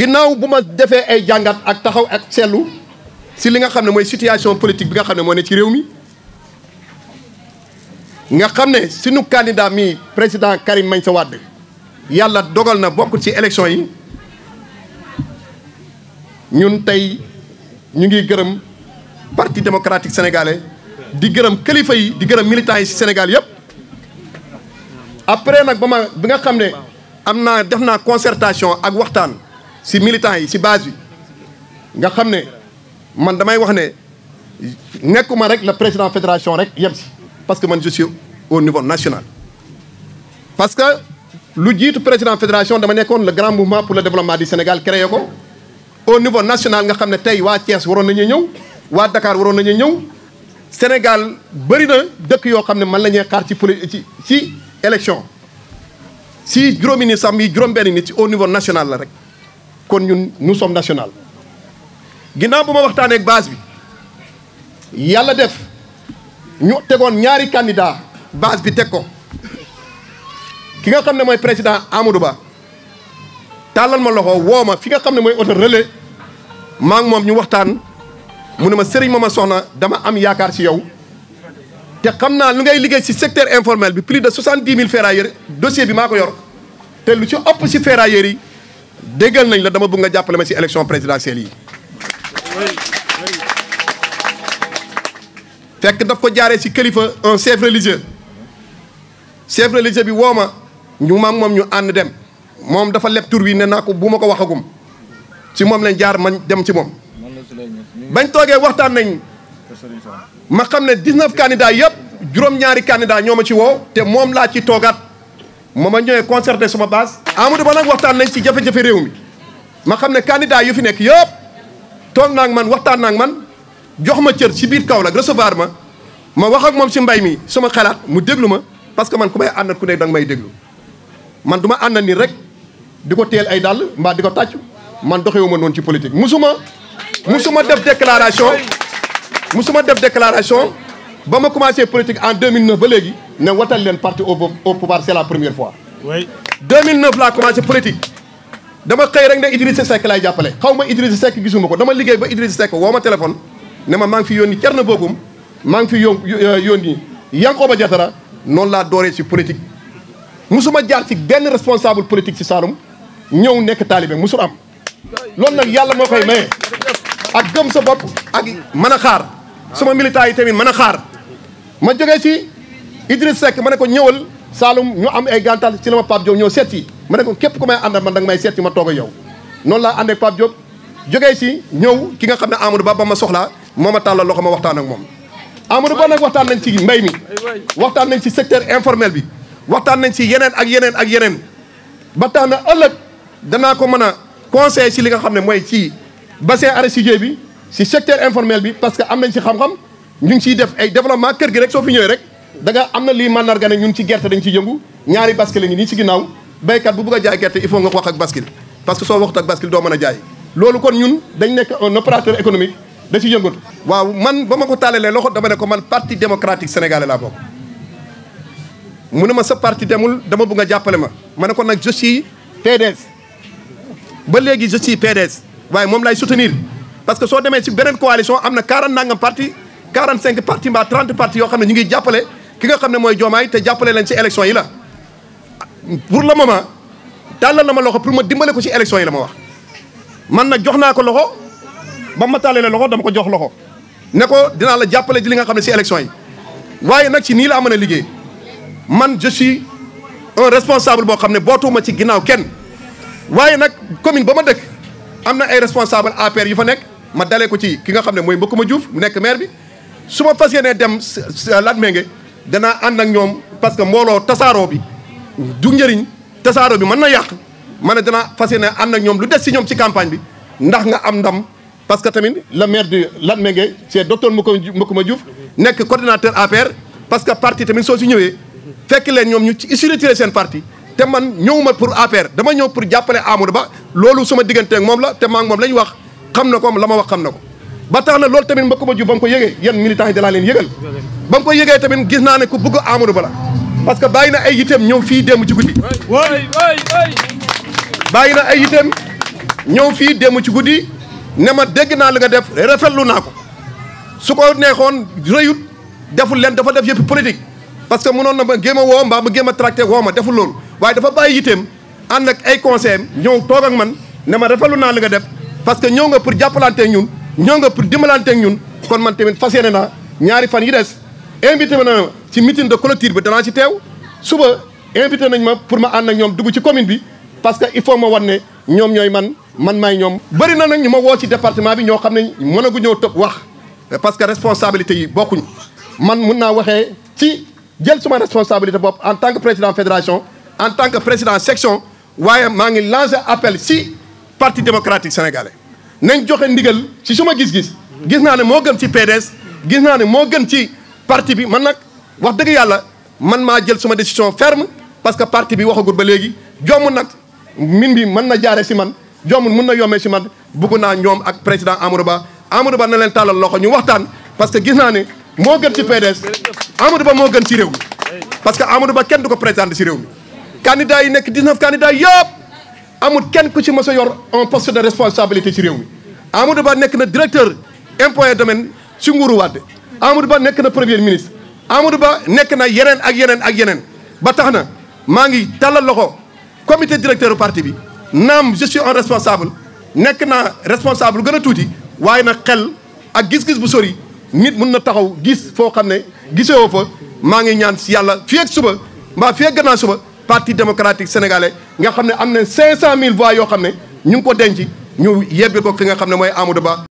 ginnaw buma ma ay jangat ak taxaw ak seetlu si li nga xamné moy situation politique bi nga xamné mo né ci réew mi nga xamné ne suñu candidat mi président Karim mansa Wade yalla dogal na bokku ci élection yi ñun tay ñu ngi gërëm parti démocratique sénégalais di gërëm kilifa yi di gërëm militants yi ci Sénégal yépp après nak bama bi nga xamné amna def concertation ak waxtaan si militants yi si base bi nga xamné man damay wax ne nekkuma rek le président fédération rek yem parce que man je suis au niveau national parce que lu jitu président fédération dama nekkoon le grand mouvement pour le développement du Sénégal créé ko au niveau national nga xamné tay wa waa Thiès nañu ñëw wa Dakar waroon nañu ñëw Sénégal bari na dëkk yo xamné man la xaar ci ci ci élection si juróomi nit sam yi juróom-benn nit ci au niveau national la rek kon ñun nous sommes national ginnaaw bu ma waxtaanee ak base bi yalla def ñu tégon ñaari candidat base bi teg ko ki nga xamne moy président Amadou Ba woma. ma loxo woo fi nga xamne moy mooy relais ma ak mom ñu waxtaan mu serigne mama dama am yaakar ci yow té xamna lu ngay liggéey ci secteur informel bi plus de soixante-dix mille ferrailleurs dossier bi mako yor té lu ci ëpp ci ferrailleurs déggal nañ la dama bëgg nga jàppale ma ci élection présidentielle yi fekk daf ko jaaree ci kilifa un chef religieux chef religieux bi woo ma ñu maam moom ñu ànd dem moom dafa leb tur wi ne naa ko bu ma ko waxagum ci moom lañ jaar man dem ci moom bañ toogee waxtaan nañ ma xam ne 19 candidats yëpp juróom-ñaari candidats ñoo ma ci woo te moom laa ci toogaat ma ma concerté sama base. Amadou Ba nag waxtaan nañ ci jafé jafé réew mi ma xamné ne candidat yu fi nek yop Ton nak man waxtaan nak man jox ma cër ci biir Kaolack recevoir ma ma wax ak mom ci mbay mi sama xalaat mu dégluma parce que man ku may andal ku nek dang may déglu man duma andal ni rek diko téel ay dal mba diko ko man doxewuma non ci politique musuma musuma def déclaration musuma def déclaration bama commencé politique en 2009 ba légui ne watal leen parti au pouvoir c'est la première fois. oui 2009 laa commencé politique dama xëy rek ne Idrissa Seck laay jàppale xaw ma Idrissa Seck gisuma ko dama liggéey ba Idrissa Seck woo ma téléphone ne ma maa ngi fi yónni Thierno Bocoum maa ngi fi yón euh, yónni Yankhoba Diattara non la doré ci politique. musuma jaar ci ben responsable politique ci Saloum ñew nek talibé musul am lool nak yalla mo koy may ak gëm sa bopp ak mën xaar. suma militant yi tamit mën xaar ma joggé ci. Idriss Seck ma ne ko ñëwal Saalum ñu am ay gàntal ci la ma Pape Diop ñëw seet yi ma ne ko képp ko may àndal man danga may seet yi ma toog a yow noon laa ànd ak Pape Diop jógee si ñëw ki nga xam ne Amadou Ba ba ma soxlaa moom a tàllal loxo ma waxtaan ak moom Amadou Ba nag waxtaan nañ ci mbay mi waxtaan nañ ci secteur informel bi waxtaan nañ ci yeneen ak yeneen ak yeneen ba tax na ëllëg danaa ko mën a conseil si li nga xam ne mooy ci bassin arachidier bi ci secteur informel bi parce que am nañ ci xam ñu ngi ciy ay développement kër gi rek soo ñëwee rek da am na lii mandarga ne ñun ci gerte dañ ci yëngu ñaari bascule ngi nii ci ginnaaw béykat bu bëgg a jaay gerte il faut nga wax ak bascule parce que soo waxut ak bascule doo mën a jaay loolu kon ñun dañ nekk un opérateur économique da ci yëngatu waaw man ba ma ko taalalee loxo dama ne ko man parti démocratique sénégalais laa bokk mu ne ma sa parti demul dama bëgg nga jàppale ma ma ne ko nag je suis PDS ba léegi je suis PDS waaye moom laay soutenir parce que soo demee ci beneen coalition am na quarante nangam parti quarante cinq parti mbaa trente parti yoo xam ne ñu ngi jàppale ki nga xam ne mooy Diomaye te jàppale leen ci élection yi la pour le moment tàllal na ma loxo pour ma dimbale ko ci élection yi la ma wax man na jox naa ko loxo ba ma le loxo dama ko jox loxo ne ko dinaa la jàppale ci li nga xam ne si élection yi waaye nag ci nii laa mën a liggéey man je suis un responsable boo xam ne bootuma ci ginnaaw kenn waaye nag commune ba ma dëkk am na ay responsable APR yu fa nekk ma dalee ko ci ki nga xam ne mooy Mbokuma Diouf mu nekk maire bi su ma fas yéenee dem Latmingué danaa ànd ak ñoom parce que mbooloo tasaaroo bi du njëriñ tasaaroo bi man na yàq ma ne danaa fas yéene ànd ak ñoom lu des si ñoom ci campagne bi ndax nga am ndam parce que tamit le maire de Latmingué c'est docteur ma Diouf nekk coordinateur APR parce que parti tamit soo si ñëwee fekk leen ñoom ñu ci retiré seen parti te man ñëwuma pour APR dama ñëw pour jàppale Amadou Ba loolu suma diggante ak moom la te maa moom la ñu wax xam na ko la ma wax xam na ko ba tax na loolu tamit mbokk ma ju ba mu ko yëgee yan militants yi leen yëgal ba mu ko yëgee tamit gis naa ne ku bëgg Amadou Ba la parce que bàyyi na ay yiteem ñëw fii démb ci guddi bàyyi na ay yiteem fii démb ci guddi ne ma dégg naa la nga def rafetlu naa ko su ko neexoon rëyut deful leen dafa def yëpp politique parce que mënoon na ma géem a woo mbaa ma géem a tracté woo ma deful loolu waaye dafa bàyyi yiteem ànd ak ay conseil ñëw toog ak man ne ma rafetlu naa li nga def parce que ñëw nga pour jàppalante ñun Nous, nga pour ak ñun kon man tamit Nous na ñaari fan yi des invité na ci meeting de clôture bi ci tew suba invité nañ pour ma and ak ñom dugg ci commune bi parce que il faut ma wone ñom ñoy man man may ñom bari na nak ñuma wo ci département bi ño parce que responsabilité yi bokkuñ man ci jël suma responsabilité en tant que président fédération en tant que président section waye ma ngi lancer appel si parti démocratique sénégalais nañ joxe ndigal ci suma gis-gis gis naa ne moo gën ci PDS gis naa ne moo gën ci parti bi man nag wax dëgg yàlla man maa jël suma décision ferme parce que parti bi waxagut ba léegi jomm nag min bi man na jaare si man joomul mun na yome si man bugg naa ñoom ak président Amadou Ba Amadou Ba na leen tàllal loxo ñu waxtaan parce que gis naa ne moo gën ci PDS Amadou Ba moo gën ci réew mi parce que Amadou Ba kenn du ko présenté si réew mi candidat yi nekk 19 candidats yëpp amul kenn ku ci mos a yor un de responsabilité ci réew mi Amadou Ba nekk na directeur impôt et domaine ci nguuru Wade Amadou Ba nekk na premier ministre Amadou Ba nekk na yeneen ak yeneen ak yeneen ba tax na maa ngi tàllal loxo comité directeur parti bi naam je suis un responsable nekk naa responsable gën a tuuti waaye nag xel ak gis-gis bu sori nit mun na taxaw gis foo xam ne gisewoo fa maa ngi ñaan si yàlla fii ak suba mbaa fii ak gannaaw suba parti démocratique sénégalais nga xam ne am na 500000 voix yoo xam ne ñu ngi ko denc ñu yebbi ko ki nga xam ne mooy Amadou Ba.